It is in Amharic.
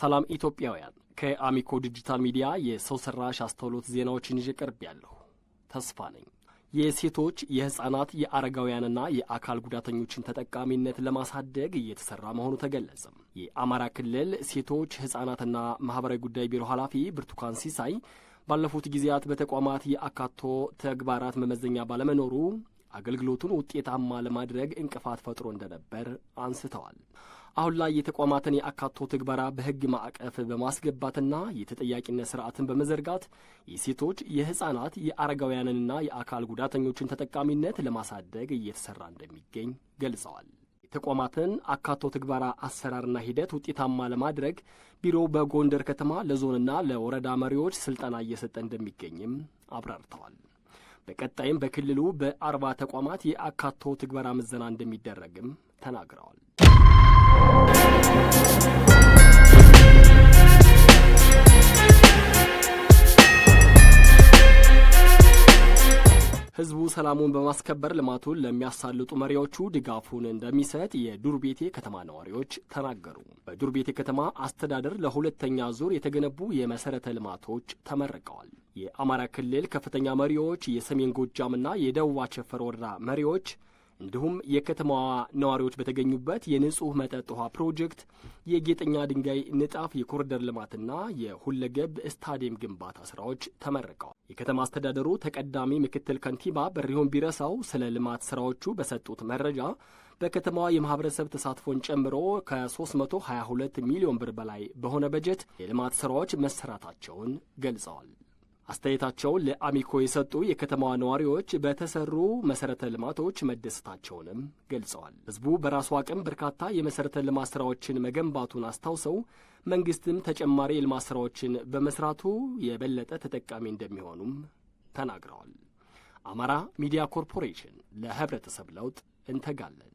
ሰላም ኢትዮጵያውያን፣ ከአሚኮ ዲጂታል ሚዲያ የሰው ሰራሽ አስተውሎት ዜናዎችን ይዤ ቀርብ ያለሁ ተስፋ ነኝ። የሴቶች የሕፃናት የአረጋውያንና የአካል ጉዳተኞችን ተጠቃሚነት ለማሳደግ እየተሰራ መሆኑ ተገለጸም። የአማራ ክልል ሴቶች ሕፃናትና ማህበራዊ ጉዳይ ቢሮ ኃላፊ ብርቱካን ሲሳይ ባለፉት ጊዜያት በተቋማት የአካቶ ተግባራት መመዘኛ ባለመኖሩ አገልግሎቱን ውጤታማ ለማድረግ እንቅፋት ፈጥሮ እንደነበር አንስተዋል። አሁን ላይ የተቋማትን የአካቶ ትግበራ በህግ ማዕቀፍ በማስገባትና የተጠያቂነት ስርዓትን በመዘርጋት የሴቶች የህፃናት የአረጋውያንንና የአካል ጉዳተኞችን ተጠቃሚነት ለማሳደግ እየተሰራ እንደሚገኝ ገልጸዋል። የተቋማትን አካቶ ትግበራ አሰራርና ሂደት ውጤታማ ለማድረግ ቢሮ በጎንደር ከተማ ለዞንና ለወረዳ መሪዎች ስልጠና እየሰጠ እንደሚገኝም አብራርተዋል። በቀጣይም በክልሉ በአርባ ተቋማት የአካቶ ትግበራ ምዘና እንደሚደረግም ተናግረዋል። ህዝቡ ሰላሙን በማስከበር ልማቱን ለሚያሳልጡ መሪዎቹ ድጋፉን እንደሚሰጥ የዱር ቤቴ ከተማ ነዋሪዎች ተናገሩ። በዱር ቤቴ ከተማ አስተዳደር ለሁለተኛ ዙር የተገነቡ የመሰረተ ልማቶች ተመርቀዋል። የአማራ ክልል ከፍተኛ መሪዎች፣ የሰሜን ጎጃምና የደቡብ አቸፈር ወረዳ መሪዎች እንዲሁም የከተማዋ ነዋሪዎች በተገኙበት የንጹህ መጠጥ ውሃ ፕሮጀክት፣ የጌጠኛ ድንጋይ ንጣፍ የኮሪደር ልማትና የሁለገብ ስታዲየም ግንባታ ስራዎች ተመርቀዋል። የከተማ አስተዳደሩ ተቀዳሚ ምክትል ከንቲባ በሪሁን ቢረሳው ስለ ልማት ስራዎቹ በሰጡት መረጃ በከተማዋ የማህበረሰብ ተሳትፎን ጨምሮ ከ322 ሚሊዮን ብር በላይ በሆነ በጀት የልማት ስራዎች መሰራታቸውን ገልጸዋል። አስተያየታቸውን ለአሚኮ የሰጡ የከተማዋ ነዋሪዎች በተሰሩ መሠረተ ልማቶች መደሰታቸውንም ገልጸዋል። ህዝቡ በራሱ አቅም በርካታ የመሠረተ ልማት ሥራዎችን መገንባቱን አስታውሰው መንግሥትም ተጨማሪ የልማት ሥራዎችን በመሥራቱ የበለጠ ተጠቃሚ እንደሚሆኑም ተናግረዋል። አማራ ሚዲያ ኮርፖሬሽን ለኅብረተሰብ ለውጥ እንተጋለን።